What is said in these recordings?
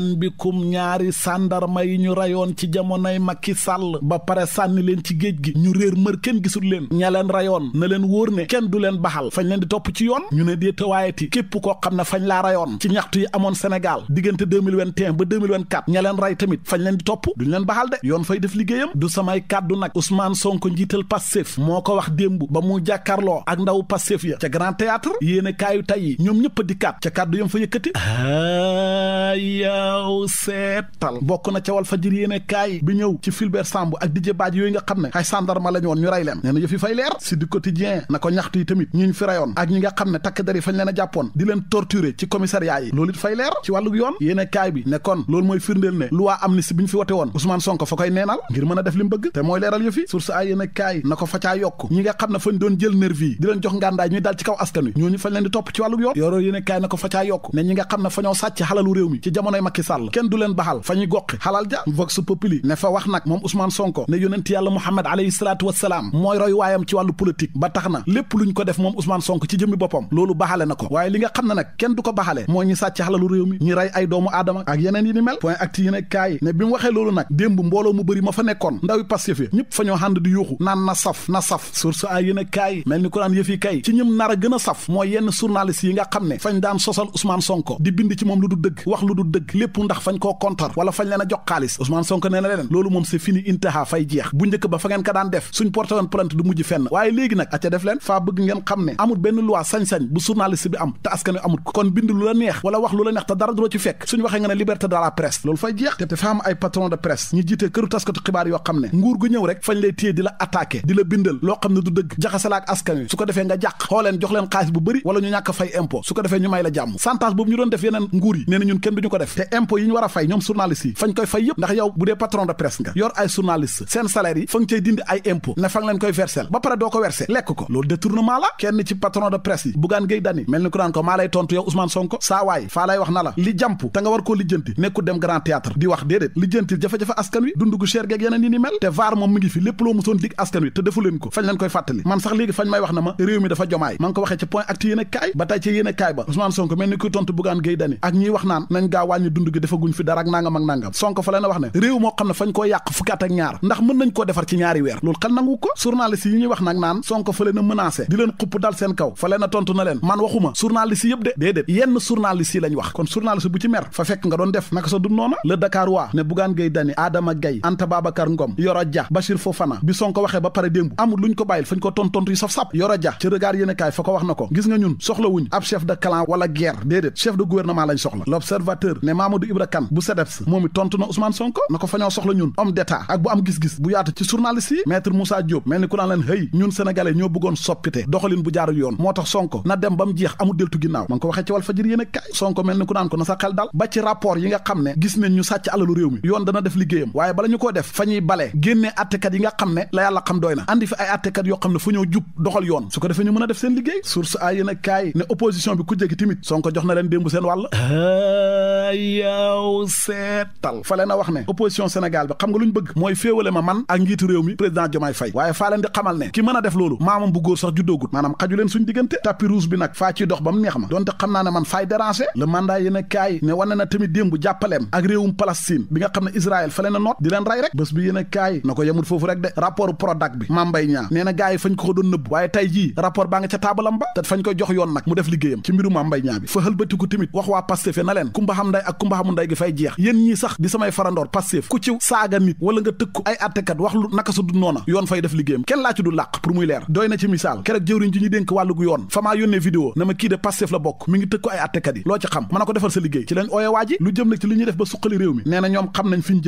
an bikum ñaari sàndarma yi ñu rayoon ci jamonoy Macky Sall ba pare sànni leen ci géej gi ñu réer mër kenn gisul leen ña leen rayoon na leen wóor ne kenn du leen baxal fañ leen di topp ci yoon ñu ne déetawaayeti képp koo xam ne fañ laa rayoon ci ñaxtu yi amoon Sénégal diggante 2021 ba 2024 ña leen ray tamit fañ leen di topp duñ leen baxal de yoon fay def liggéeyam du samay kàddu nag Ousmane Sonko njiital Pastef moo ko wax démb ba mu jàkkaarloo ak ndaw Pastef ya ca Grand Théâtre yéene kaayu naaw bokk na ca wal fajir yéene kaay bi ñëw ci Fulbert Sambou ak Didier Badji yooyu nga xam ne ay sandarma la woon ñu rey leen nee fay leer si du quotidien na ko ñaxtu yi tamit ñi fi rayoon ak ñi nga xam ne takk der fañ leen jàppoon di leen torturer ci commissariat yi loolu fay leer ci wàllu yoon yéene kaay bi ne kon loolu mooy firndeel ne loi amnistie bi ñu fi wote woon Ousmane Sonko fa koy neenal ngir mën a def li bëgg te mooy leeral yëf Macky kenn du leen baxal fa ñu goqi xalal ja vox populi ne fa wax nag moom Ousmane Sonko ne yonent yàlla Muhammad alayhi mooy roy ci wàllu politique ba tax na lépp luñ ko def moom Ousmane Sonko ci jëmmi boppam loolu baxale na ko waaye li nga xam ne nag kenn du ko baxale moo ñu sàcc xalalu réew mi ñu rey ay doomu aadama ak yeneen yi ni mel point acti yi ne kaay ne bi mu waxee loolu nag démb mbooloo mu bëri ma fa nekkoon lépp ndax fañ koo kontar wala a jox xaalis Ousmane Sonko nee na leneen loolu moom c'est fini intaha fay jeex bu njëkk ba fa ngeen ne amul benn loi sañ-sañ bu journaliste bi am te askan wi amul kon bind fekk suñ waxee nga ne liberté de la presse loolu fay jeex te dafa am ay patron de presse ñu jiite këru taskatu xibaar yoo xam ne nguur gu ñëw rek fañ lay téye di la attaqué di la bindal loo xam ne du dëgg jaxasala ak askan wi su ko defee nga jàq xooleen jox leen xaalis bu bëri wala ñu ñàkk fay impôt su ko defee ñu may la jàmm santage boobu ñu doon def yeneen nguur yi nee ñun kenn duñu ko def impôt yi war a fay ñoom journaliste yi fañ koy fay yëpp ndax yow bu dee patron de presse nga yor ay journaliste seen salaire yi fa nga dindi ay impôt ne fa leen koy versel ba pare doo ko verse lekk ko loolu détournement la kenn ci patron de presse yi Bougane Gueye mel ni ku naan ko maa lay tontu yow Ousmane Sonko saa faa lay wax na la li jàmp te nga war koo lijjanti nekku dem grand théâtre di wax déedéet lijjantil jafe-jafe askan wi dund dund gi defaguñ fi dara ak nangam ak nangam Sonko fa la wax ne réew moo xam ne fañ koo yàq fukki ak ñaar ndax mën nañ koo defar ci ñaari weer loolu xel nangu ko journaliste yi ñuy wax nag naan Sonko fa leen a menacé di leen xupp dal seen kaw fa leen a tontu na leen man waxuma journaliste yëpp de déedéet yenn journaliste yi lañ wax kon journaliste bu ci mer fa fekk nga doon def naka sa dund noona le Dakar ne Bougane Gueye Dany Adama Gaye Anta Babacar Amadou ko waxee ci fajir yéen kaay Sonko mel ni ku naan ko na sa xel dal ba ci rapport yi nga xam ne gis nañ ñu sàcc alalu réew mi yoon dana def liggéeyam waaye bala ñu koo def fa bale génnee attekat yi nga xam ne la yàlla xam doy na andi fi ay attekat yoo xam ne fu ñoo jub doxal yoon su ko defee ñu mën a def seen liggéey source ay yéen kaay ne opposition bi ku jegi timit Sonko jox na leen démb seen wàll yow seetal fa leen a wax ne opposition Sénégal bi xam nga lu bëgg mooy féewale ma man ak njiitu réew mi président Diomaye Faye waaye faa leen di xamal ne ki mën a def loolu maamam bu góor sax juddoogut maanaam xaju leen suñ diggante tapis rouge bi nag faa ciy dox neex ma donte xam naa ne man faay déranger le mandat yéen a ne wane na tamit démb jàppaleem ak réewum Palestine bi nga xam ne Israël fa leen a noot di leen rey rek bés bi yéen mbaamu nday gi fay jeex yéen ñii sax di samay farandoor passif ku ci saaga nit wala nga tëkku ay attekat wax lu naka su du noona yoon fay def liggéeyam kenn laa du làq pour muy leer doy na ci misaal keroog jëwriñ ji ñu dénk wàllu gu yoon famaa yónnee vidéo na ma kii la bokk mi ngi tëkku ay attekat yi loo ci xam mën na ko defal sa liggéey ci lañ ooye waa ji lu jëm nag ci li ñuy def ba suqali réew mi nee na ñoom xam nañ fi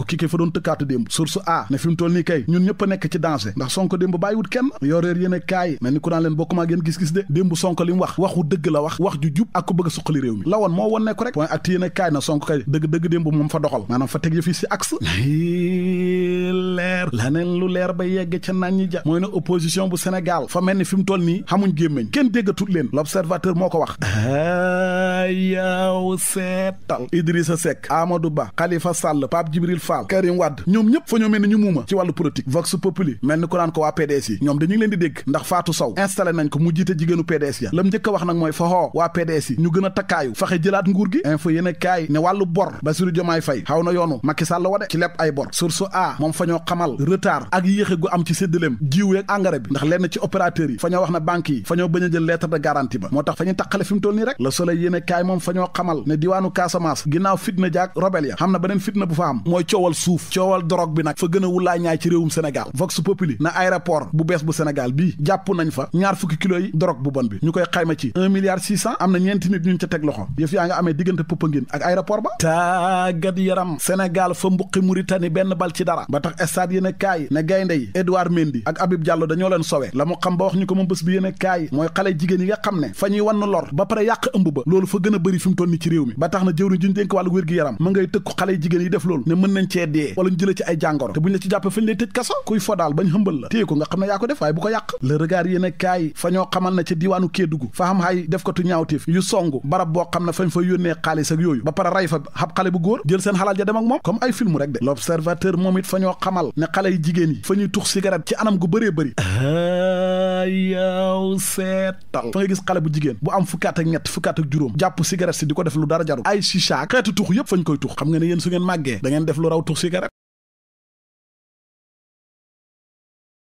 jëm tëkkaatu démb source a ne fi mu nii kay ñun ñëpp a nekk ci danger ndax sonko démb bàyyiwut kenn yoreer yéen kaay mel ni ku naan leen bokkuma ak yéen gis-gis de démb sonko li wax waxu dëgg la wax wax ju jub ak ku bëgg a suqali réew mi la woon moo woon ne ko rek point acte yéen e kaay na sonko kay dëgg dëgg démb moom fa doxal maanaam fa teg yëf yi si axe leer laneen lu leer ba yegg ca naan ja mooy ne opposition bu Sénégal fa mel ni fi mu toll nii xamuñ gémmeñ kenn déggatul leen yaaw seetal Idrissa Seck Amadou Ba Khalifa Sall Pape Djibril Fall Karim Wade ñoom ñëpp fa ñoo mel ni ñu muuma ci wàllu politique vox populi mel ni ko naan ko waa PDS yi ñoom dañu ngi leen di dégg ndax Fatou Sow installé nañ ko mu jiite jigéenu PDS ya lam njëkk a wax nag mooy faxoo waa PDS yi ñu gën a takkaayu faxe jëlaat nguur gi info yéen ne wàllu bor Bassirou Diomaye Faye xaw na yoonu Macky Sall wa de ci lépp ay bor source a moom fa kaay moom fa xamal ne diwaanu Casamance ginnaaw fitna jaak robel ya xam na beneen fitna bu fa am mooy coowal suuf coowal drogue bi nag fa gën a wulaa ñaay ci réewum Sénégal Vox Populi na aéroport bu bees bu Sénégal bii jàpp nañ fa ñaar fukki kilos yi drogue bu bon bi ñu koy xayma ci am na ñeenti nit ñun ca teg loxo yëf yaa nga amee diggante Popenguine ak aéroport ba tàggat yaram Sénégal fa mbuqi Mauritanie benn bal ci dara ba tax stade gën a bëri fi mu toll ni ci réew mi ba tax na jëwriñ ji ñu dénk wàllu wér gi yaram mën nañ cee dee wala ñu jëlee ci ay jàngoro te buñ la ci jàppe fañ lay tëj kaso kuy fodaal bañ xëmbal la téye ko nga xam ne yaa ko def waaye bu ko yàq le regard yéen a kaay fa ñoo xamal na ca diiwaanu Kédougou fa xam hay def ko tu ñaawteef yu song barab boo xam ne fañ fa yónnee xaalis ak yooyu ba para ray fa xab xale bu góor jël seen xalaal ja dem moom comme ay yow seetal da nga gis xale bu jigéen bu am fukkaat ak ñett fukkaat ak juróom jàpp cigarette si di ko def lu dara jarul ay chicha xeetu tux yépp fañ koy tux xam nga ne yéen su ngeen màggee da def lu raw tux cigarette